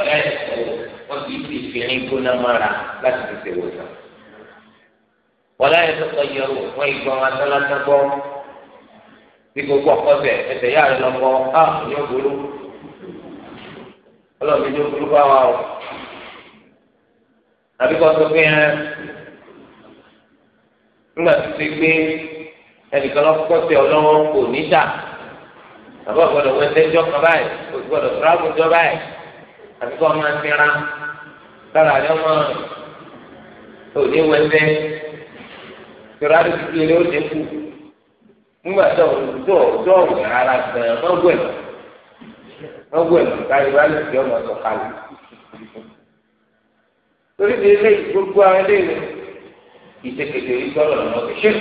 wọ́n yà ẹ̀sọ́ wọ́n kì í fi ìfìrín gbóná mára láti fi ṣèwò sàn. wọ́n láyé tó kọ yẹ̀wò wọ́n ìgbọ́n atálátágbọ́ bí gbogbo ọ̀kọ́sẹ̀ ẹsẹ̀ yà rẹ̀ lọ́kọ́ á ní òbúrú ọlọ́ọ̀mí ní òbúrú bá wà o àbí kọ́ tó fi hàn nígbà tó ti gbé ẹnìkan lọ́kọ́sẹ̀ ọlọ́wọ́ kò ní àbọ̀ gbọ́dọ̀ wọ ẹsẹ̀ jọ́ kan báyìí gbọ́dọ̀ tíráàbù jọ báyìí àti kọ́ máa fẹ́ra lára àlẹ́ ọmọ rẹ̀ òní wẹ́wẹ́ tọ́ra ló ti kéré ó dínkù nígbà tó tó tó ọ̀wẹ̀ ara gan-an má káyọ̀ bá lè fi ọmọ sọ̀kalẹ̀ torí ti ilé gbogbo àwọn ilé rẹ̀ ìṣèkèjì orí sọ̀rọ̀ lọ́nà ọ̀gbìn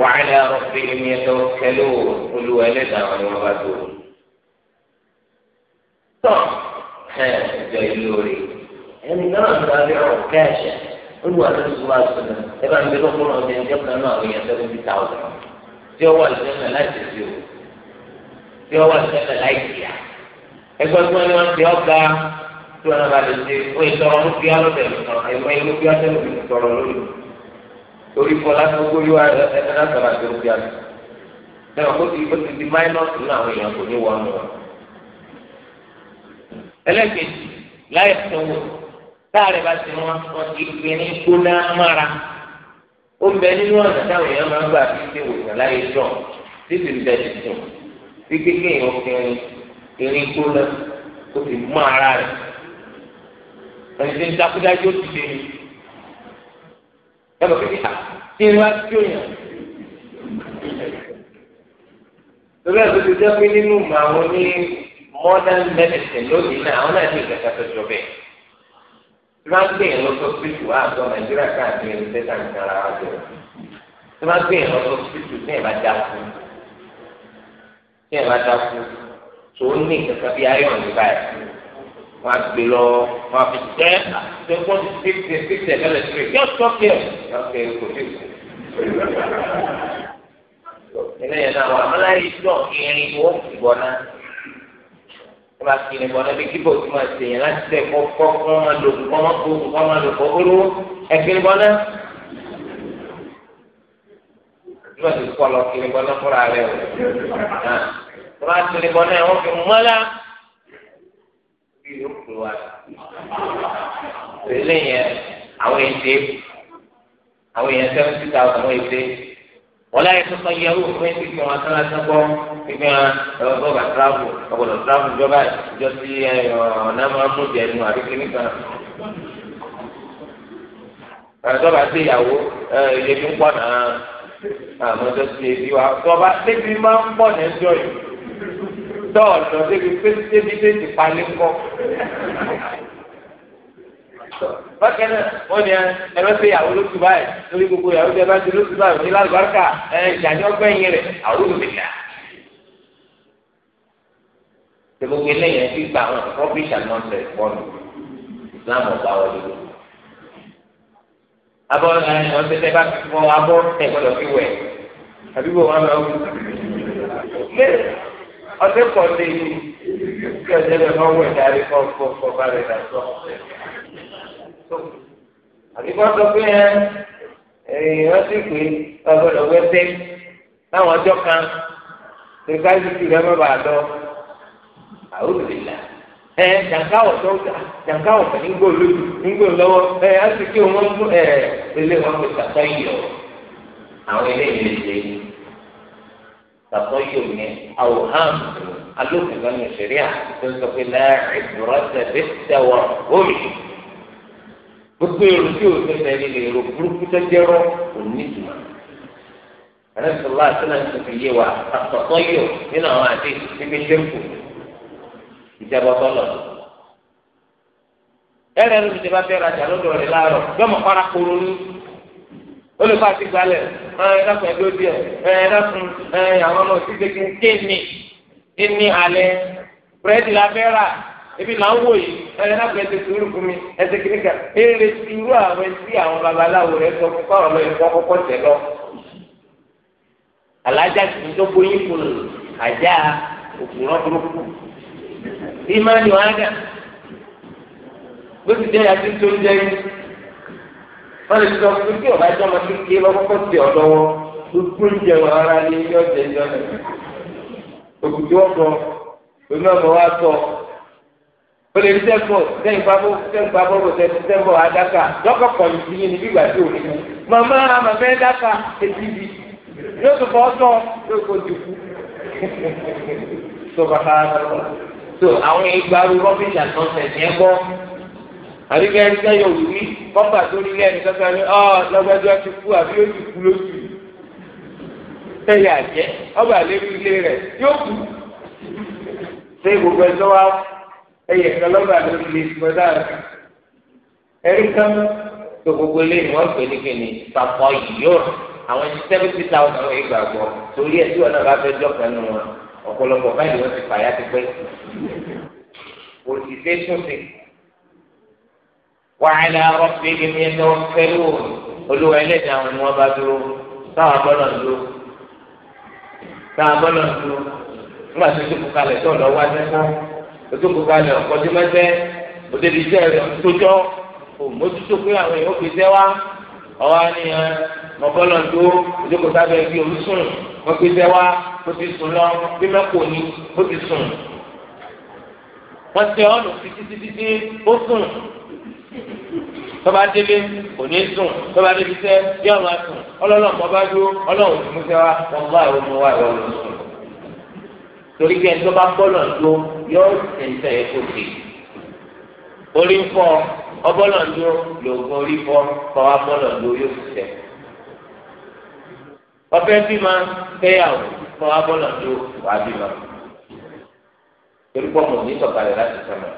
وعلى ربهم يتوكلون قل ولد وما ẹjọ́ ilé orí ẹni náà ń darí ọ̀rọ̀ kẹ́ẹ̀ṣẹ̀ olùwà tó ti wá sí mi ẹ bá ń bẹ lọ́kọ́ náà ọdún ẹjọ́ kan náà ìyẹn seventy thousand tí ó wà lẹ́nu láti fi o tí ó wà lẹ́nu láti yà ẹgbẹ́ tí wọ́n ní wọ́n ti ọ̀gá tí wọ́n bá lè ṣe ó ìtọ̀rọ̀ ló fi ọlọ́dẹ nìkan ẹ̀rọ ìlú fi ọlọ́dẹ nìkan tọ̀rọ̀ lórí torí náà sọ̀rọ̀ àti òkè àti ẹ ọ ti o di minus nínú àwọn èèyàn kò ní wọnú wọn. ẹlẹ́kẹ̀jì láyé tó wò táàrẹ̀ bá ti wọn wọn kì í gbé ní gbóná mára ó bẹ nínú ọ̀nà táwọn èèyàn máa ń gbà fi ṣe wòsàn láyé jọ títí ìbẹ̀ ti sùn bí kékeré ọkùnrin erin gbóná ó ti mú ara rẹ̀ ẹni tí ń dákúdájú ó ti dé ní ẹ̀bùn kékeré tí ń wá sí òyìn lórí ẹ̀sùn ti jẹ́ pé nínú màá wọn ní modern medicine lónìí náà àwọn náà ti ìgbàgbà tó jọ bẹ́ẹ̀ tí wọ́n gbé yẹn lọ sọ́sìtì wá àgbọ̀ nàìjíríà káàkiri ẹni tẹ́tà ní ara wa jọ tí wọ́n gbé yẹn lọ sọ́sìtì tí yẹn bá dá fún tí yẹn bá dá fún tó ní ìgbàgbà bí ayọ̀ ní báyìí wọ́n gbé lọ wọ́n fi tẹ́ tó kọ́ fífẹ́ fífẹ́ lọ́lẹ̀ tìrì yóò sọ kí ẹ̀ ọ̀kẹ́ kò tí ì ẹ máa kiri bọ̀ níbi kí bò tí máa ṣe yẹn láti tẹ kọ́ kọ́ kọ́ máa lò kọ́ máa kó kọ́ máa lò kọ́ kóró ẹ kiri bọ̀ náà. Ìjọba ti kọ́ lọ kiri bọ̀ náà fúnra rẹ̀ o. Ìjọba máa bọ̀ náà wọ́n fi mọ́ la. Bí yóò kúrò wá. Ìṣèlè yẹn àwọn èdè àwọn èèyàn seventy thousand wọ́n èdè wọ́n láyé tó sọ́yẹ owó fún ẹni fífi wọn sára sí gbọ́ fífi wọn ẹ̀rọ bọ́ọ̀gà tíráfù ọ̀gbọ̀dọ̀ tíráfù jọba ìjọ sí ọ̀nà máa mú jẹ ẹnu àríkè nìkan. àtọ́ba sí ìyàwó ẹ̀yẹ́bí ń pọ̀ náà àmọ́ tó sí ebi wa tọ́ba débi máa ń pọ̀ ní ẹjọ́ yìí tọ́ọ̀nà débi pé débi dé ti palẹ́ kọ́ bákan náà wọ́n ni, ẹ lọ sí ìyàwó lóṣù báyìí lórí gbogbo ìyàwó tẹ bá ti lóṣù báyìí ní lálùbáríkà ẹ ìdájọ́ gbẹ̀yìn rẹ̀ àwọn olùdíjà. ṣe gbogbo eléyìí ti gba àwọn rubbish and nonsense bọ́ọ̀lù Islam ọ̀gá wọlé. abọ́ ẹ ọ̀sẹ̀ tẹ bá fọ abọ́ ẹ gbọ́dọ̀ fi wẹ̀ àbí bò wọn lọ wù. ọ̀sẹ̀ kọ̀ọ̀lẹ̀ yìí kí ọ̀sẹ̀ bẹ̀ fọwọ́ ìdarí kọ̀ọ̀kọ̀ bá rẹ̀ dà sọ́ọ̀ tó àbí kọ́ sọ pé èèyàn sì pé ọgbọ́dọ̀ wẹ́sẹ̀ láwọn ọjọ́ kan ṣe káyọ̀ sí rẹ mọ́ bàá lọ àwòrán ìlà ẹ jàǹkáwọ̀ tó jàǹkáwọ̀ nígbò lójú nígbò lọ́wọ́ ẹ á sì kí wọ́n mú ẹ ilé wọn pé tàtọ́ yìí àwọn ilé yìí lè ṣe tàtọ́ yìí ò ní àwòrán alóògùn lọ́nà ìṣẹ̀ríà tó ń sọ pé láàrín ìdúró tẹ̀lé tẹ̀wọ̀ òmìnir gbogbo èrò tí o ti tẹ̀lé lè ro burúkú tẹ́jẹ́ rọ onídùú anasọlá àtúnà ti fi yé wa àtọ̀tọ̀ yìí o nínú àwọn àti bíbí sẹ́ńpù ìjẹ́bọ tọ́lọ̀ ẹ̀rẹ́ ló ti ti bá bẹ́ẹ̀ rajà lọ́dọ̀ rẹ̀ láàárọ̀ gbọ́mọ̀ para koro ní olùkọ́ àti gbalẹ̀ ẹ̀ dákun ẹ̀dọ́ díẹ̀ ẹ̀ dákun ẹ̀ àwọn ọmọ òsì kékeré kéènì kéènì alẹ́ búrẹ́dì la ebi là ń wò yìí ẹyẹ náà fẹẹ tètè orí fún mi ẹsẹ kìnìkà eré ti irú àwọn ẹtí àwọn babaláwo rẹ sọ fún káwọn lọyìn fún ọkọkọ tẹ lọ alájà tì í tó bóyin kùnú àjà òkùnrán burúkú ìmánu àgà bó ti jẹ yàtí tó ń jẹ yìí wọn lè sọ fún kí ọba jọmọ kékeré lọkọkọ tẹ ọ lọ́wọ́ gbogbo ń jẹun ara ní ilé ọjà ìjọba òkùnjọ sọ ọmọ wa sọ olè ní sẹ́ńbọ̀ sẹ́ńgbàbọ̀ sẹ́ńgbàbọ̀ sẹ́ńbọ̀ adaka lọ́kọ̀ kọ̀lù sí yín níbi ìgbà tí ò ní mú màmá màmá ẹ̀ daka etí bi yóò tó fọ́ tọ́ yóò kó dùkú tó bá ká lọ. tó àwọn ìgbàlú rọ́bìnì àtọ́sẹ̀sì ẹ̀ gbọ́ àríkẹ́ ẹ̀rí sẹ́yìn òwúrí kọ́pà tó ní ilé ẹni kankan ní ọ́ lọ́gbẹ́jọ́ ti kú àbí yóò ti kú lóṣù sẹ́yìn ẹyẹ kan lọ́ba ló lè gbọ́dọ̀ ẹ̀rí kan tó gbogbo eléyìí wọ́n pè ní kíni papọ̀ yìí àwọn ẹni seventy thousand wọ́n gbà gbọ́ torí ẹ̀ tí wọn náà bá fẹ́ jọ́kan nù wọn ọ̀pọ̀lọpọ̀ báyìí wọ́n ti fàyà ti pẹ́ òṣìṣẹ́ túnṣe wàhálà rọ́pì ẹ̀mí ẹ̀dá wọn fẹ́rù olúwa ẹlẹ́dàá wọn ni wọ́n bá dúró táwọn bọ́lọ̀ dúró táwọn bọ́lọ̀ dúró nígbà tó ti kú tó lọ wá sẹ́kọ̀ọ́ ojókòó kalẹ̀ ọ̀kọ́jú mẹ́tẹ́ òdèbí iṣẹ́ rẹ̀ tójọ́ òmójútó pé àwọn èèyàn fi iṣẹ́ wá ọwọ́ ni ẹ mọ̀bọ́lọ̀ tó ojókòó sábẹ́ bí olùsùn wọ́n fi iṣẹ́ wá ó ti sùn lọ bí mẹ́kò ni ó ti sùn wọ́n ti ọ̀nù títí títí ó sùn tọ́ba délé kò ní sùn tọ́ba débi sẹ́ yọ̀ọ̀nù àtùn ọlọ́lọ́ mọ́bájú ọlọ́run ti mú sẹ́wà wọ́n bá ìwọ́n mú wá ìwọ́n lọ sùn torí pé ẹni tó bá bọ́lọ̀ dúró yóò ṣe ń tẹ̀yẹ kó ṣe orí ń fọ ọbọ̀lọ̀ dúró lòògùn orí fọ kọ́ wa bọ́lọ̀ dúró yóò ṣe tẹ̀ ọfẹ́ bímọ fẹ́yàwó kọ́ wa bọ́lọ̀ dúró wàá bímọ torí pọ́ mọ̀ ní sọ̀kalẹ̀ láti sọ̀nà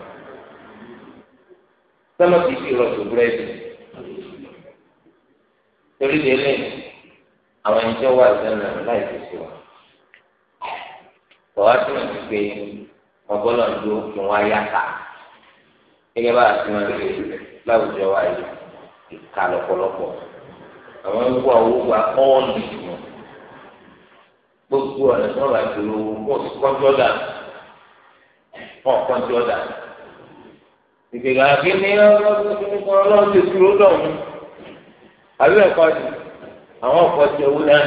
sọ̀nà kìí ṣe ìrọ̀sù búrẹ́dì torí délé àwọn ẹni tó wà sọ̀nà láì fi ṣe wọn tọ́wá tó ń pè ọgbọ́nà dúró mọ wáyà ká gẹ́gẹ́ bá a ti máa ń pè láwùjọ wa yìí ìka lọ́pọ̀lọpọ̀ àwọn ń wá owó wa ọ́ọ̀lù ìmọ̀ gbogbo ọ̀nà tí wọ́n bá ti lo owó kọ́ńtọ́dà ọ̀ ìgbéga kí ni ọlọ́run ti dúró dọ̀hún àbí ẹ̀kọ́ ti àwọn ọ̀pọ̀ ti owó náà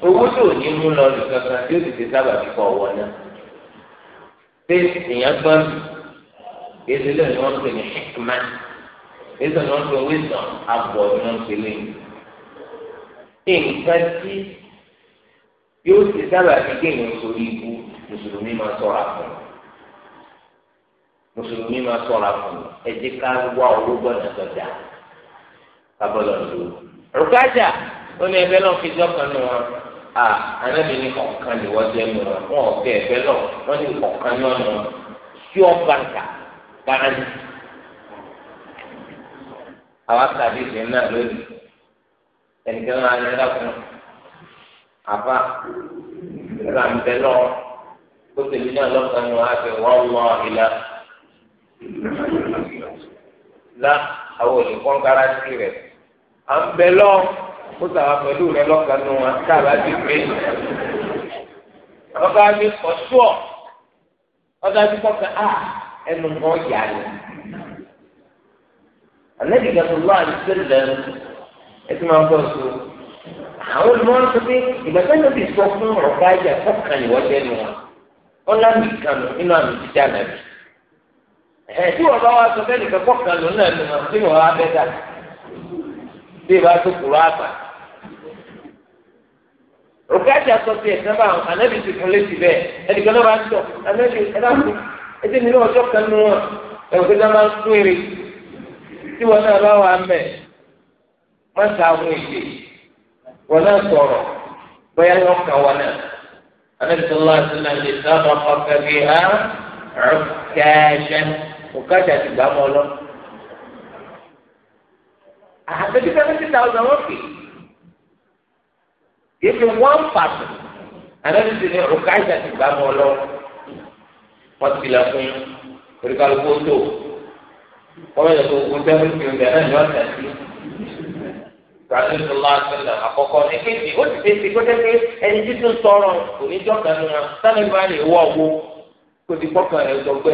owó tó o ní mú lọ lù kankan tí ó sì ti sábà fi kọ ọwọ́ náà pé èèyàn gbọ́n èsì lẹ́yìn ni wọ́n pè ní hikman èsì ni wọ́n pè ní wisdom abọ̀ ni wọ́n pè lẹ́yìn nǹkan tí yóò ti sábà fi kéèyàn sórí ibu mùsùlùmí máa sọ̀rọ̀ fún un mùsùlùmí máa sọ̀rọ̀ fún un ká wá owó gbọ́dọ̀ sọ̀dá kábọ̀lọ̀ lò rúkájà ó ní ẹgbẹ́ náà fi jọ́ kan nù wọn a anabi ní ọ̀kan ní wọ́n jẹ́ mi wọn wọn ọ̀kẹ́ ẹ̀fẹ́ lọ wọn ní ọ̀kan ní ọ̀nà sí ọ̀bàǹkà báńkì. àwa tàbí ìṣe náà lónìí ẹnìkan náà ní ẹ̀dá fún àbá ìgbà ń bẹ lọ́wọ́ tó tèmi náà lọ́kàn ní wọn á fẹ́ wọ́n ìlà lá àwọn olùkọ́ ń kára sí rẹ̀ à ń ó sàwà pẹ̀lú rẹ lọ́kàn nù wọn káàbá ti pé ọba mi kọ sùọ ọba mi kọ kàn á ah, ẹnu mọ yà ni anabi gàdúrà àdìsẹ́lẹ̀ ẹtì máa ń bọ̀ so àwọn olùmọ̀ràn tó dé ìgbà tó ń bí sọ fún ọ̀gá ìjà fọ́kàn ìwọ́jẹ́ ni wọn ọ̀là nìkan nù nínú àmì jíjà nàbì ẹ̀ tí wọ́n bá wá sọ fẹ́ nìkan fọ́kàn lónà nù wọn tí wọ́n wá bẹ́ dà bí ìbá tó kúrò àgbà òkèèjì àtọ́sí ẹ̀sán bá àwọn anábì ti fún létí bẹ́ẹ̀ ẹnìkan náà bá ń tọ̀ anábì ẹ̀dáàbò ẹtí mi náà ọjọ́ kan nù wọn ẹ̀wọ̀n tó dáa máa ń tún eré tí wọn náà bá wà mẹ́ má ta àwọn èdè wọn náà sọ̀rọ̀ bóyá wọn kà wọn náà anábì tó lọ́wọ́ àti náà lè sábà kọ́ kẹ́kẹ́ ha òkèèjì àti gbàmọ́ ọlọ́run àtẹ̀tí seventy thousand wọ́n pè kì í fi one person àtẹ̀tí sì ní ọ̀ká ìjà ti gbà mọ́ lọ wọ́n ti lè fún oríkàlùkù tó wọ́n yẹ kó ogun seventy ọ̀dẹ̀ náà ní ọ̀sẹ̀ sí rasulillah sallallahu alaihi wa sallam àkọ́kọ́ èkejì ó ti tẹsí kó tẹsí ẹni títún sọ̀rọ̀ oníjọ kan nù wọn sanni bá wọ owó kó ti gbọkàn rẹ gbọgbẹ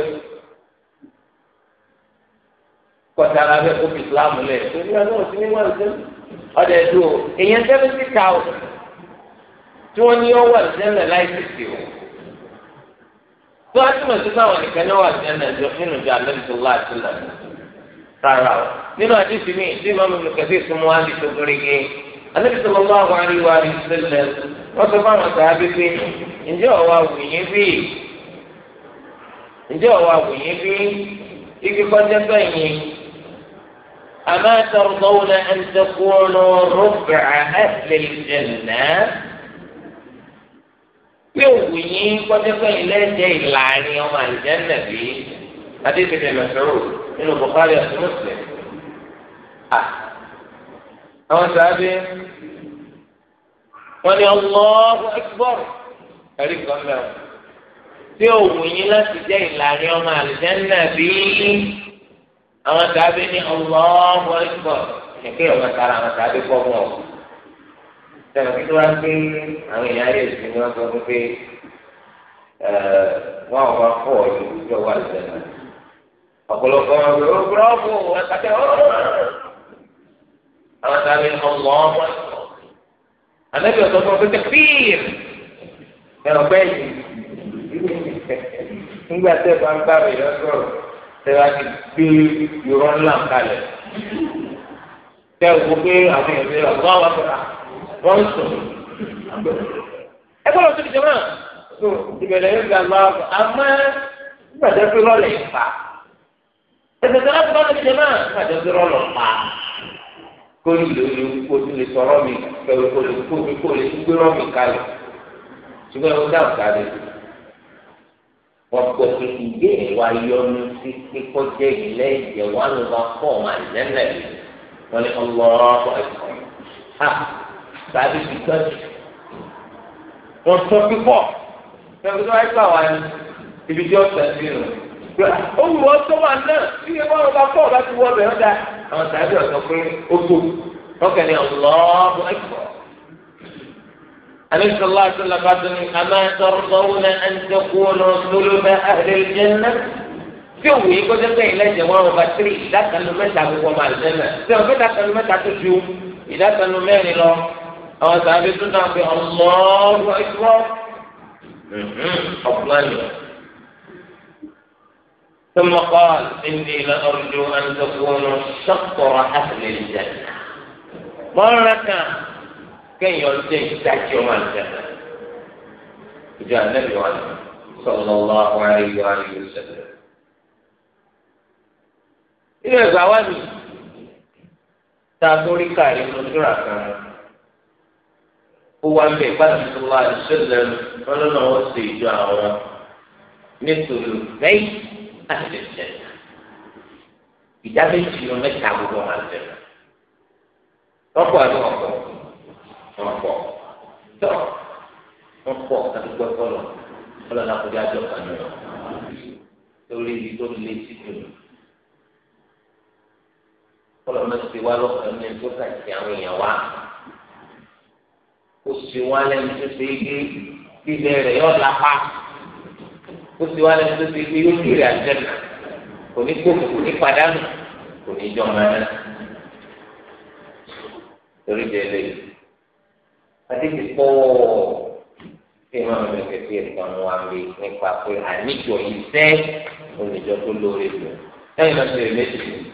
kọta ara bẹ kó islam lẹ torí ẹ náà sí níwọ̀n ìṣẹ́ ọ̀dẹ̀ ẹ̀dùn o èèyàn seventy thousand tí wọ́n ní ọwọ́ ìṣẹ́lẹ̀ láì tètè o tí wọ́n á túmọ̀ sí sáwọn nìkan ní ọwọ́ ìṣẹ́lẹ̀ nínú ìjọ alẹ́bùsọ̀lá àti ìlànà rárá o nínú àdìsí mi tí màmú mi kẹfì súnmọ́ á lè tó gírígé alẹ́bùsọ̀lá wà ní wà ní ìṣẹ́lẹ̀ wọ́n sọ fáwọn sàábí pé ǹjẹ́ ọ̀wà wòye bí ǹjẹ́ ọ̀wà wòye bí igi kọjá sẹ́yìn أما ترضون أن تكونوا ربع أهل الجنة yóò yín kọjọpẹ ilé ẹjẹ ìlànà ọmọ àlùjánnà bí adébẹtẹ mẹsàrò nínú Bukhari àti Muslim à àwọn sábẹ wọn ni Allahu Akbar ẹrí kan mẹwọn tí òwò yín láti jẹ ìlànà ọmọ àlùjánnà bí àwọn tàbí ní ọlọ́ọ̀mù ẹ̀kọ́ kẹ̀kẹ́ ọ̀gá tara àwọn tàbí pọ̀ mọ́ ọ. sẹ́nu kí ló wá pé àwọn èèyàn ayé ìsìn ni wọ́n sọ fún pé wọ́n wá fọ́ ọ̀yọ́ ìjọ wà lẹ́nu. ọ̀pọ̀lọpọ̀ wọn ló rọ́ọ̀bù ẹ̀kẹ́ ọ̀rọ̀ àwọn tàbí ní ọlọ́ọ̀mù ẹ̀kọ́. àlẹ́ bí ọ̀sán fún ọ pé fíìm bẹ́ẹ̀ tẹ́lá ti gbé irọ́ ńlá kalẹ̀ tẹ́ ò gbé àwọn èèyàn rẹ̀ wọ́n wá fẹ́ra ah, wọ́n sùn. ẹ gbọ́dọ̀ tó ti jẹ mọ́ ìbẹ̀rẹ̀ yóò gba àgbà ọkọ̀ àmọ́ gbàdé pé lọ́lẹ̀ ìfà ẹ̀sẹ̀ tó láti bá ti jẹ mọ́ gbàdé pé lọ́lọ̀ pa kó nílò ní kó tún lè sọ̀rọ̀ mi kó lè kó lè gbé rọ́ mi kalẹ̀ ṣùgbọ́n ẹ̀ ọ̀pọ̀ ìdíje ìwà yọnu sí kíkọ́jẹ́ ilé ìjẹ́ wà ló bá fọ́ ọ̀mà lẹ́lẹ̀ wọn ni ọlọ́ọ̀rọ̀ ẹ̀kọ́ ha tàbí ìtọ́jú wọn tọ́ pípọ̀ tẹ̀wé tó wáyé gbà wá ní ibi tí ó tẹ̀ sí rẹ̀ ó wù ọ́ sọ́wọ́ náà bí ẹ bá ọba fọ́ ti wọ́ ọbẹ̀ ọ̀dà àwọn tàbí ọ̀sán pé ó tó ọkẹ́ ni ọlọ́ọ̀rọ̀ ẹ̀kọ́ أليس الله جل قادم أما ترضون أن تكونوا ثلث أهل الجنة؟ جو يقول لك إلا إيه، جواب بشري إذا كانوا ما تعبوا مع الجنة جواب إذا كانوا ما تعبوا إذا كانوا ما يلوا أو ثابتنا بالله أكبر أفلان ثم قال إني لأرجو أن تكونوا شطر أهل الجنة مرة kẹ́yìn ọjọ́ ìdájọ́ máa ń dàgbà ìjọ ànábì wa sallallahu alaihi wa alihi wasallam. ilé ẹ̀gbà wa mi ta sórí káàrí lójúra kan ó wá ń bẹ̀ pàtàkì tó wá ìṣẹ̀lẹ̀ lọ́nà wọn sì ìjọ àwọn nítorí bẹ́ẹ̀ àti ìṣẹ̀lẹ̀ ìdá méjì ló mẹ́ta gbogbo àjẹ́ ọkọ̀ àti ọkọ̀ wọn pọ̀ tọ́ wọn pọ̀ kàdúgbò kọlọ̀ kọlọ̀ náà kò dé àjọ kan yọ lórí ibi tó lé sí dùn kọlọ̀ náà ti wá lọ́kàn ní tó kàkí àwọn èèyàn wá kó sì wá lẹ́nu tó ṣe é gé bíbẹ̀ rẹ̀ yọ̀ lápá kó sì wá lẹ́nu tó ṣe é gé yóò kéré àjẹ́nà kò ní kófù kò ní padànù kò ní jọmọ ẹ̀ torí bẹ́ẹ̀ lẹ́yìn. Hadis itu Imam Ibn Kathir kan mengambil ah, ni pakai ani jo ise oni jo tu lori tu. Eh nak seri meji.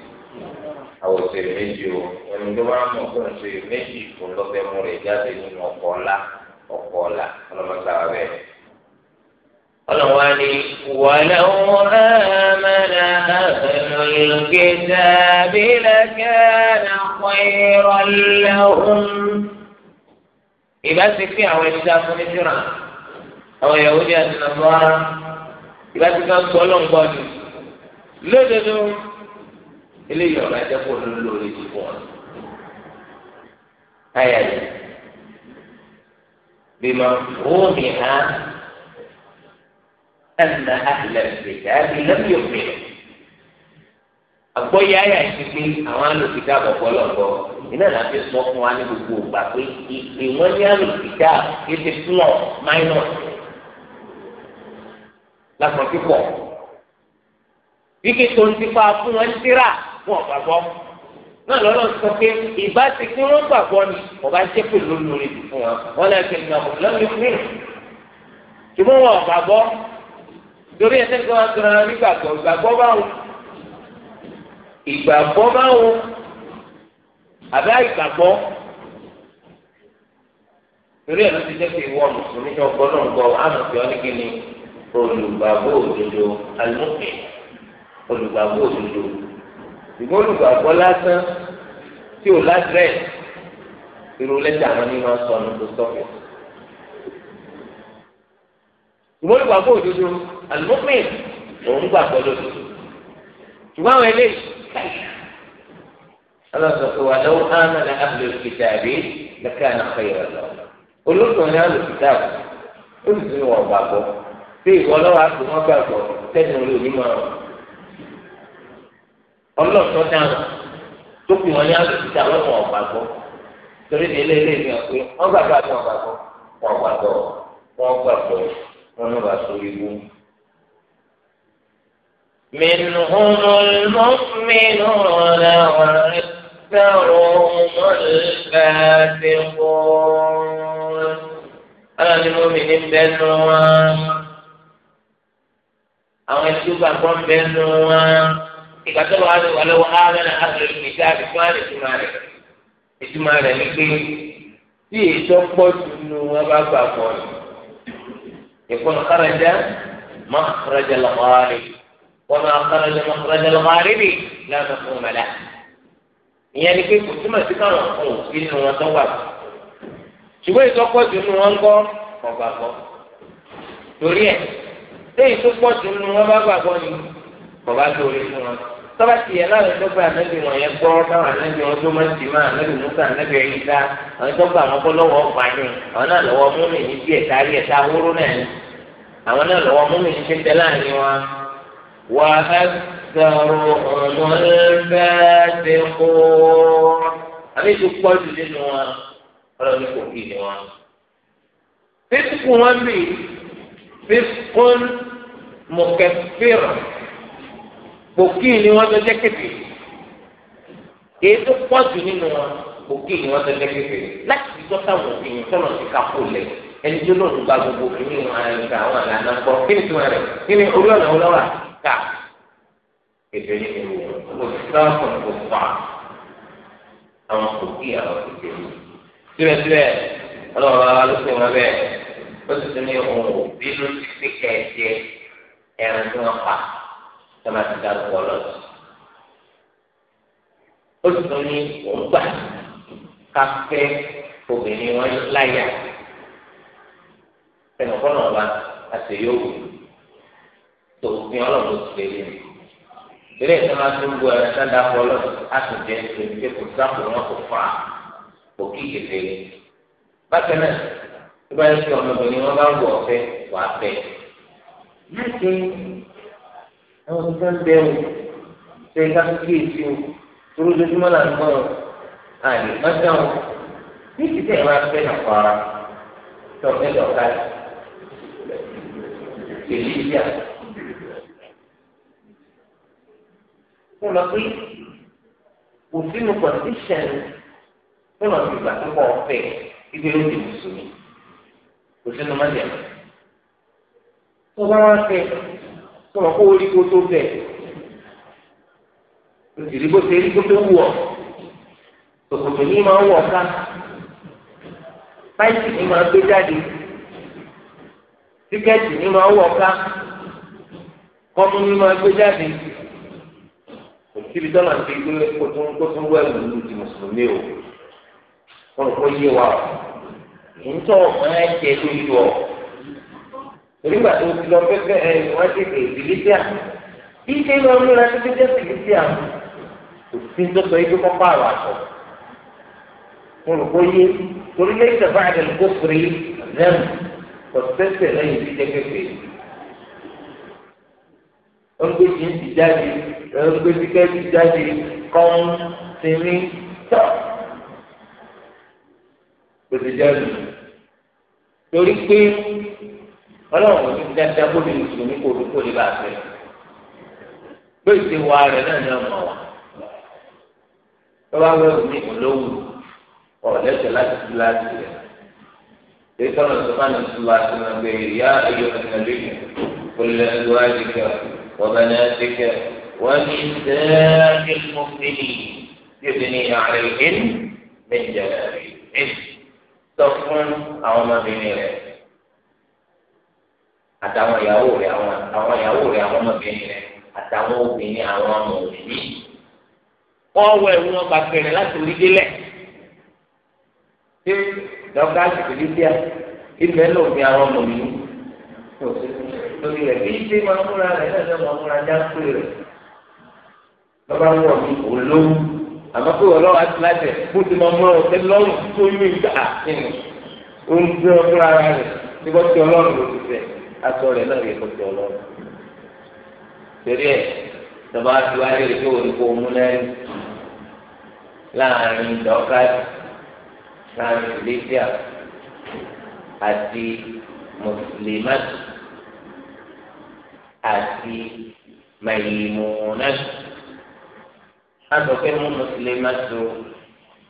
Awak seri meji o. Yang tu orang mau pun seri meji pun lo dia mula jadi ni mau kola, kola. Kalau masalah ni. Kalau wani walau amana ahlul kitab lakana khairan lahum ìbá ti fi àwọn ẹni tá a fún ní síra àwọn ìyàwó ní àti nàmọ́ra ìbá ti ká gbọ́ ló ń gbọ́ ju lódodo eléyìí ọ̀rọ̀ ajẹ́ kó ló lórí ti fún ọ. ayà bí ma fúnmi ha ẹnna àlẹ ìgbà bí lẹ́yìn òmìnira àgbọ̀yé ayà yìí ti àwọn alòkìtà àkọ́kọ́ lọ́gbọ́ọ́ iná ìlànà fi sọ fún wa ní gbogbo ìgbà pé ìpè wọn ní àmì ìdá kéde plus minus lásán pípọ̀ wíkẹ́ tó ń tipa fún wọn síra fún ọ̀gbàgbọ́ náà lọ́dọ̀ sọ pé ìbá ti kí wọ́n gbàgbọ́ ni ọba jẹ́ pé lólórí jù fún wọn wọn lè fi nà ọ̀ lọ́mí fún ṣùgbọ́n wọn ọ̀gbàgbọ́ torí ẹ̀sẹ̀ kí wọ́n sọ̀rọ̀ nígbàgbọ́ ìgbàgbọ́ báwo ìgbàgbọ́ báwo àbẹ́ àìgbàgbọ́ torí ẹ̀ ló ti jẹ́ pé ìwọ mùsùlùmí tó gbọ́ náà gbọ́ àmọ̀tí ọ́ ní kí ni olùgbàgbọ́ òdodo alùpùpù olùgbàgbọ́ òdodo ìgbọ́ olùgbàgbọ́ lásán tí ò ládírẹ́sì irú lẹ́tà àwọn ní máa sọ ọ̀nà tó sọ̀kọ̀. ìgbọ́ olùgbàgbọ́ òdodo alùpùpù òun gbàgbọ́ lódodo ṣùgbọ́n àwọn eléyìí ọlọ́sọ̀ pé wà lọ́wọ́ ámàlà àbẹ̀lẹ̀kìtà àbí lẹ́kẹ́ ànàkọ́yọ̀ lọ. olóòtú ni àlùkìtà ó sì ní wọn gbàgbọ́ bí ìwọ lọ́wọ́ àti wọn gbàgbọ́ tẹ́nu olú onímọ̀ ọlọ́sọ̀ dáhùn tó pè wọ́n ní àlùkìtà wọn wọn gbàgbọ́ torí ní ilé ilé ìgbìyànjú pé wọ́n àti wọn gbàgbọ́ wọn gbàgbọ́ wọn gbàgbọ́ wọn náà bá so ibú. منهم المؤمنون والرسل أكثرهم الفاسقون أنا المؤمنين بينهما أو يتوبا كون بينهما ìgbàsọ́wọ́ àti wàlọ́wọ́ ámẹ́nà àtúntò ìgbésẹ̀ àdìsọ́ àdìsọ́ rẹ̀ ìtumọ̀ rẹ̀ ni pé tí èso pọ̀ tunu wọn bá gbà pọ̀ ni ìfún kárajà má kárajà lọ́kọ́ rẹ̀ wọ́n má kárajà má kárajà lọ́kọ́ rẹ̀ bi lọ́kọ́ fún mẹ́lẹ́ ìyẹn ni pé kò túmọ̀ sí káwọn kan ò sí nínú wọn tó wà sí ṣùgbọ́n ìtọ́pọ̀jù nínú wọn ń gbọ́ ọ̀gbà gbọ́ torí ẹ̀ lẹ́yìn tó pọ̀jù nínú wọn bá gbàgbọ́ ni bàbá lórí fún wọn tọ́ba ti yẹ láwọn tó gba ànábì wọn yẹn gbọ́ báwọn ànábì wọn tó máa ń tì máa ànábì musa ànábì ẹ̀yìn dá àwọn tó gba àwọn kọ́ lọ́wọ́ ọ̀gbà ni àwọn náà lọ́wọ́ mú أكثرهم الفاسقون àmì tó pọ̀ jù nínú wa ọlọ́run kò kí ni wa. fífún wọn bì fífún mọ̀kẹ́fìrà kò kí ni wọn tó jẹ́ kékeré èyí tó pọ̀ jù nínú wa kò kí ni wọn tó jẹ́ kékeré láti fi tọ́ta wọ̀ fi yín tọ́nà sí ká kó lẹ̀ ẹni tó lóun gba gbogbo kí ni wọn àwọn àlànà kọ kí ni tiwọn rẹ kí ni orí ọ̀nà wọn lọ́wọ́ kà kẹfẹ́rí ni wò kò sáfùn kò fà àwọn kò kí àwọn kẹfẹ́rí. síbẹ̀síbẹ̀ ọlọ́run bá ló pè wọ́n bẹ́ẹ̀ ó sì tún ní ohun òbínú títí kẹ̀ẹ́jẹ ẹran tí wọ́n pa tọ́lá ti dá lọ́wọ́ lọ́sí. ó sì tún ní òun gbà ká fẹ́ obìnrin wọn láyà ẹnìkan náà wá àṣeyọ̀wò tòun fi ọlọ́run ti lè rí mi ilé ìtura tó ń bu ẹ̀rọ sẹ́ńdà pọ̀lọ́ àtúnjẹ ìpèsè kò sáàpù wọn kò fà kò kí kékeré. bákan náà tó bá yẹ kí ọmọbìnrin wọn bá wù ọ̀fẹ́ wà bẹ́ láti àwọn tó ń bẹ wò ṣe ká tó kí èsì o tóró lójúmọ́ là ń gbọ́n àlè mọ́tàn o ní ìdílé ìwà fẹ́ nà kọ́ra tó ń bẹ lọ́ka èyí yíyá. kó lọ pé kò sínú condition kó lọ sí ìgbà tó kọ ọfẹ ibi yóò di mùsùlùmí kò sínú májèm tó bá wá fẹ tó wọn kó orí kó tó fẹ o sì rí bó ṣe rí kó tó wù ọ tòkòtò ní máa ń wọ ká báyìí ní máa gbé jáde tíkẹ́ẹ̀tì ní máa wọ ká kọ́mú ní máa gbé jáde òtíbi tọ́lá ti gbé kótó kótó wẹ́ẹ̀lú ìlú ti mùsùlùmí o wọn kò yé wa o ntọ́ wọn á jẹ lójú ọ onígbà tó ti lọ pẹ́pẹ́ ẹ wọ́n ti dè sílíṣíà bí ike lọ múra tó ti jẹ́ sílíṣíà òtí tó sọ ibi kọ́ pààrọ̀ àtọ̀ wọn kò yé torí lẹ́yìn tẹ̀fà àdàlùkọ́ pèrè lẹ́nu kò sẹ́sẹ̀ lẹ́yìn tí jẹ́ pẹ́pẹ́ ẹgbẹ́ tí ń ti jáde ẹgbẹ́ tí kẹ́ ti jáde kọ́n sinmi tọ́ gbèsè jáde torí pé ọlọ́run ò ní dáadáa kó lè mùsùlùmí kó lè kó lè bá a fẹ́ bẹ́ẹ̀ ti wà rẹ̀ náà ní ọmọ wa tọ́wá wẹ́rù ní ìlówó ọ̀lẹ́sẹ̀ láti fi láti rẹ̀ èyí tọ́nà sọ́kànnì tó láti rẹ̀ bẹ́ẹ̀ yá ẹ̀yọ́ ẹ̀yọ́ lẹ́yìn kò lè lọ́wọ́ ẹ̀yọ́ وبناتك ونساء المؤمنين يبنين عليهن من جلالهن تفن أو ما بنيره àtàwọn ìyàwó rẹ̀ àwọn àwọn ìyàwó rẹ̀ àwọn ọmọbìnrin rẹ̀ àtàwọn obìnrin àwọn ọmọ òbí wọn wọ ẹ̀wù wọn gbàgbẹrẹ láti orí délẹ̀ ṣé dọkítà ṣìkìlì bíà ìfẹ́ lòfin àwọn ọmọ mi lórí rẹ̀ bí ṣe máa múra rẹ̀ náà ló máa múra dáńpé rẹ̀ bàbá wọ̀ mí kò lóhùn àmọ́ pé ọlọ́wọ́ àti láti ẹ̀ kó ti máa múra ọ̀tẹ́ lọ́rùn tó yún ìgbà nínú ohun tí wọ́n múra ara rẹ̀ tí wọ́n ti ọlọ́run ló ti fẹ́ aṣọ rẹ̀ náà yẹ kó ti ọlọ́run. torí ẹ̀ tọ́ba ti wá lè tó olùkọ́ mú lẹ́yìn láàrin dọ́kàtì láàrin ìlẹ́síà àti mùsùlùmáàtì àti mẹ̀yìmùnà azọ pé mú mùsùlùmá tó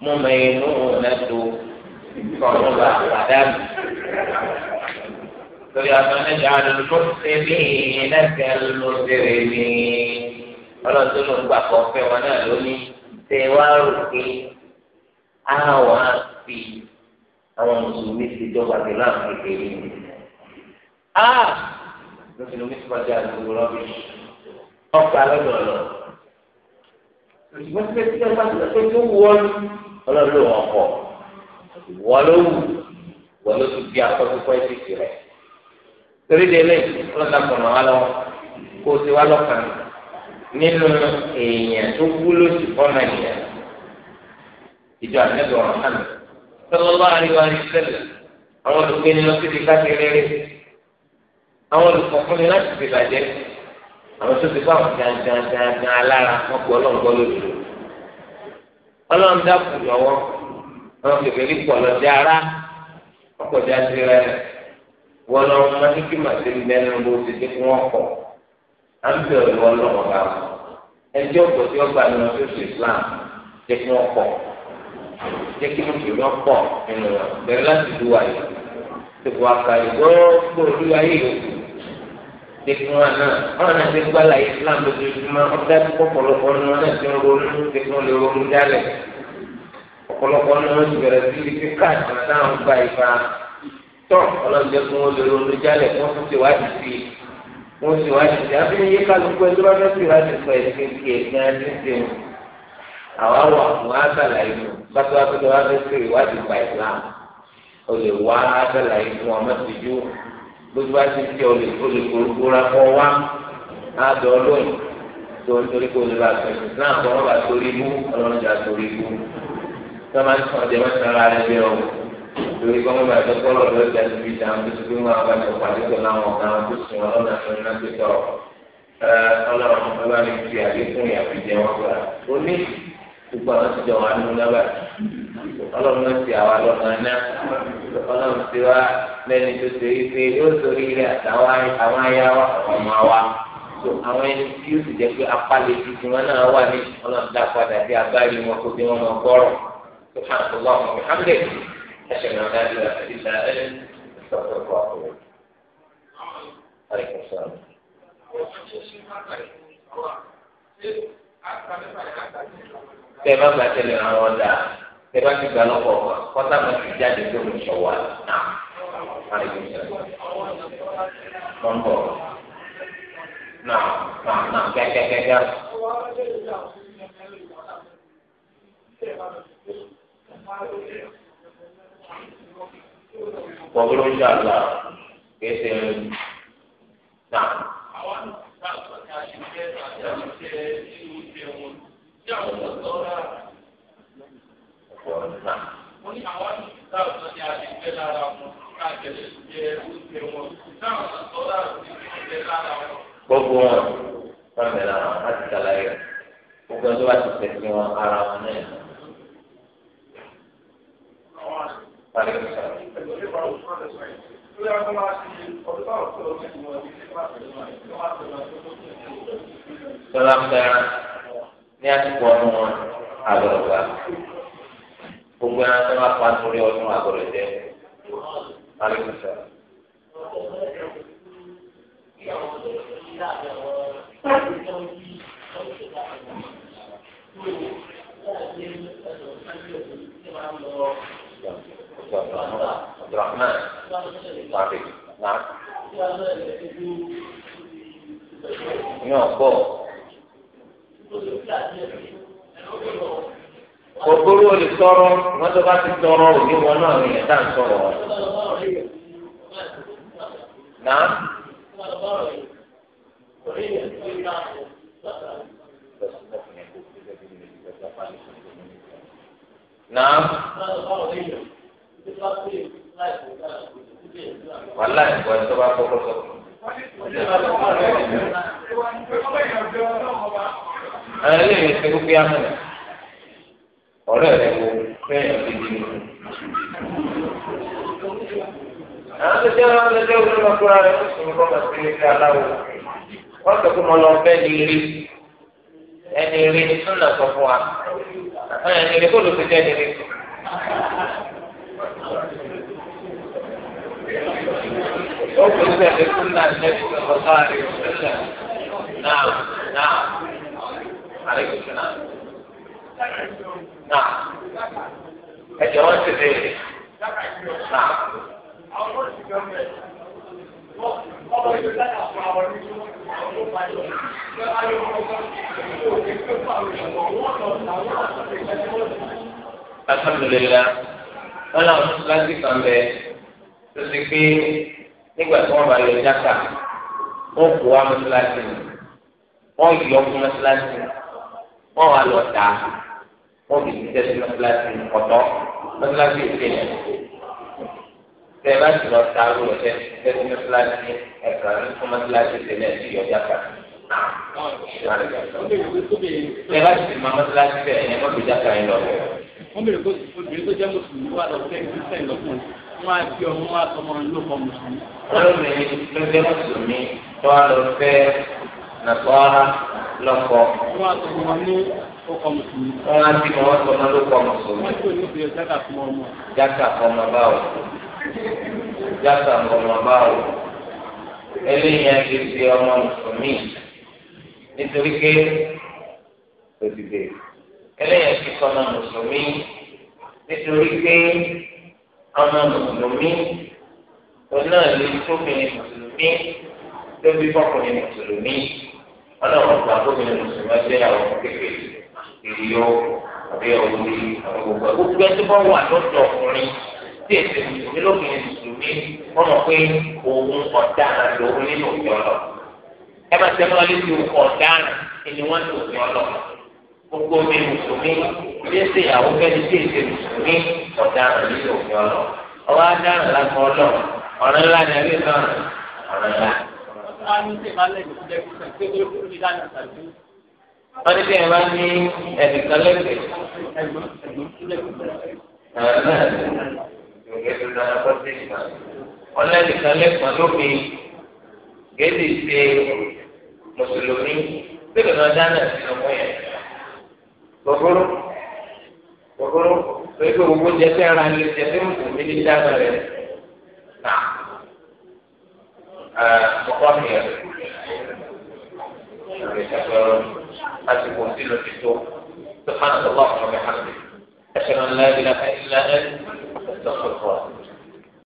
mú mẹ̀yìmùnà tó kọ̀ọ̀mù bá pàdánù torí àtúnṣe àlùmọ́sẹ̀mí lẹ́sẹ̀ lọ́sẹ̀rẹ̀mí ọlọ́dún ló ń gbà kọ́ fẹ́ wọn náà lónìí ṣé wá rò pé àwọn á fi àwọn mùsùlùmí ti jọba pẹ̀lú àwọn kékeré. Ah! lófinú mi sọ̀rọ̀ di àdúgbò rọ́bì ọ̀pá lọ́dọ̀ lọ. Ìgbà tí ẹ bá tó tó wọ́ọ̀lù ọlọ́run ló ọkọ̀ wọ́ọ̀lù wọ́ọ̀lù tó bí akọ́sọ́kọ́ ẹ̀ tètè rẹ̀. Torí de lé ọlọ́dà kọ̀nà wa lọ kó o ti wá lọ́kàn nínú èèyàn tó wúlò sí fọ́nà ìyẹn. Ìjọ àtẹ́gbẹ̀rún hàn. Sọlọ́lá àríwá ní sẹ́lẹ̀ àwọn olùgbé nínú síbi káṣí rere àwọn olùkọ̀kùnrin láti fi bàjẹ́ àwọn tó ti fáwọn gangan gangan alára wọn kú ọlọ́ngbọ́n lójú ọlọ́run dákú lọ́wọ́ wọn kékeré pọ̀ lọ́dẹ ara ọkọ̀dé àtìrẹ wọn lọ wọn ní kí màtí mẹ́rin ló ti dé fún ọkọ̀ à ń bẹ̀rẹ̀ wọn lọ́wọ́ bá wọn ẹjọ́ tí wọ́n gbà wọn tó ṣe Islam dé fún ọkọ̀ jẹ́ kí ló fi wọn pọ̀ nínú wọn bẹ̀rẹ̀ láti dúwà yìí tó tẹkun àná ọ̀rọ̀ náà ti gbala islam lójoojúmọ́ ọ̀dà pọ̀pọ̀lọpọ̀ ní wọn náà ti ń ronú tẹkun lè ronú jálẹ̀ ọ̀pọ̀lọpọ̀ ní wọn ti bẹ̀rẹ̀ sí ibi káàkiri táwọn gba ìfà tọ́ ọlọ́dẹ fún wọn lè ronú jálẹ̀ fún fún tiwádìí sí i wọ́n ti wá ṣe àbí iye kálukú ẹjọ́ bá fẹ́ẹ́ tìwá ti sọ èké kí ẹ̀gbẹ́ ẹni ṣe ń àwa wà fún àgbàláyé mu bàtà wà fẹ́ẹ́ tìwá fẹ́ẹ́ tìwá ti gba ìlànà o lè wá àgbàláyé mu ọmọ tìjú bójú bá ti fi olè olè kórókóra kọ́ wá àádọ́ lóyún tó ń torí kó lè bá pẹ̀lú náà kọ́ wọn torí mú ọlọ́run jà torí mú sọ́mà ń sọ̀rọ̀ jẹ́wọ́ sara rẹ̀ bí ọ̀ torí kọ́ wọn bá tó kọ́ lọ́dọ̀ ọjà tó fi dàn tó fi wọn bá pàdé tó náà wọn tó sùn wọn lọ́nà tó náà tó tọ̀ ọlọ́run bá ní fi àdékùn ìyàfi jẹ́ wọn gbà gbogbo àwọn ti jọ wà nínú lábàá ọlọ́run náà ti àwa lọ́nà náà ọlọ́run ti wá lẹ́ni tó ṣe é pé yóò sórí ilé àtàwọn àwọn aya wa àwọn ọmọ wa tó àwọn ẹni tí yóò sì jẹ́ pé apálẹ̀ títí wọn náà wà ní ọlọ́run dá padà bí agbárí wọn kó bí wọn mọ gbọ́rọ̀ tó hàn tó wà wọn hàmdẹ̀ ẹ̀ṣẹ̀ náà dájú àti ìlà ẹ̀ sọ̀tọ̀ kọ̀ ọ̀hún. Thank you tẹ bá gba tẹlẹ àwọn ọ̀dà tẹ bá ti gba lọ́pọ̀ ọ̀gbà kọ́tà máa ti jáde tó lè sọ wà náà máa yẹ sọ wọn bọ̀ náà náà náà gẹ́gẹ́gẹ́gẹ́. Pọ̀gbọ́n ń ṣàlà kéde náà. Àwọn àti ìgbà àti ìgbà àti ìgbà àti ìgbà tí gbogbo wọn wọn láti ṣàlàyé gbogbo tó bá ti tẹ̀sí wọn ara wọn náà. Vale, Sọlá ń bẹ̀rẹ̀ ní àsìkò ọdún wọn àgọ̀rọ̀ gbà gbogbo ẹran tó máa pa nítorí ọdún àgọ̀rọ̀ jẹ alẹ́kùn sọ. عبد الرحمن صحيح نعم يا بو ògbóró olè sọ̀rọ̀ wọn tó bá ti tọrọ òní wọn náà ní ẹ̀dá ń sọ̀rọ̀ wọn. nà. nà. wàhálà ìgbà tó bá kọ́kọ́ sọ àwọn eléyìí ṣe kúkú yá mọ̀nà ọ̀rẹ́ rẹ̀ wo fẹ́yìn ti di mi. àwọn tó jẹ́ wọn lọ́jọ́ ìwé ló kúra rẹ̀ ó sì ń kọ́ màsí ní ti aláwo wọ́n sọ pé mo lọ fẹ́ ní ilé ẹni ilé ní súnà sọ fún wa ẹni ilé kó ló ti jẹ́ ní ilé. ó kò ní bẹ̀rẹ̀ súnà nẹ́bí sọ̀rọ̀ sáré náà náà. عليكم السلام نعم الجواز البيت Na. alhamdulilah wọn làwọn mùsùlùmí kan bẹ tó ti pé nígbà tí wọn bá yọ jáka wọn kó wa mùsùlùmí wọn yọ ọkùnrin mùsùlùmí wọn wà lọ tà wọn kì í ṣiṣẹ́ sí mọ́tíláṣí ọ̀tọ̀ mọ́tíláṣí òfin yẹn tẹ bá ti lọ ta ló ṣe ṣe ní mẹsàlásì ẹka ní fún mẹsàlásì tẹlẹ ti yọjá ká tẹ bá ti ma mẹsàlásì tẹ ẹyẹ mọbi jáka yín lọ. wọ́n bèrè kó obìnrin tó jẹ́ mùsùlùmí wà lọ fẹ́ kristian lọ́kùn wọn á fi ọmọ wa tọmọ ló kọ mùsùlùmí. wọ́n lómi ló jẹ́ mùsùlùmí tó wà lọ fẹ́ nàtọ́ra lọkọ. wọ́n á sọ wọn ní ọkọ mùsùlùmí. wọ́n á bí wọn sọ wọn lókọ mùsùlùmí. wọ́n tún ní ìbéèrè jákà fún ọmọ. jákà fún ọmọ báwo. jákà fún ọmọ báwo. eléyìí á ti fi ọmọ mùsùlùmí nítorí pé kò ti dé. eléyìí á ti fi ọmọ mùsùlùmí nítorí pé ọmọ mùsùlùmí òun náà lè tóbi mùsùlùmí tóbi fọkùnrin mùsùlùmí. ọlọ́run gba gómìnà mùsùlùmí ẹgbẹ́ àwọn kékeré ìrìyó àbí ọ̀wúrí àwọn gbogbo wà ọkùnrin tí èsì mùsùlùmí mùsùlùmí pé òun nínú òfin ẹ wọ́n ti òfin gbogbo mi mùsùlùmí ìyàwó tí èsì mùsùlùmí òfin ni wọ́n ní kí ẹ máa ní ẹnìkan lẹ́gbẹ̀ẹ́ ọlẹ́nìkan lẹ́gbọ̀n lómi gẹ́gẹ́ ṣe mùsùlùmí bẹ́ẹ̀ náà dáná sí ọmọ yẹn gbogbo gbogbo pé gbogbo jẹ́ fẹ́ ra ní jẹ́ fẹ́ mùsùlùmí ní dáná rẹ̀ náà. mọ̀kọ́nìyà àsìkò sílò ti tó sọ́kànnà tó lọ́kùnrin mi hàn mí. أشهد أن لا إله إلا أنت أستغفرك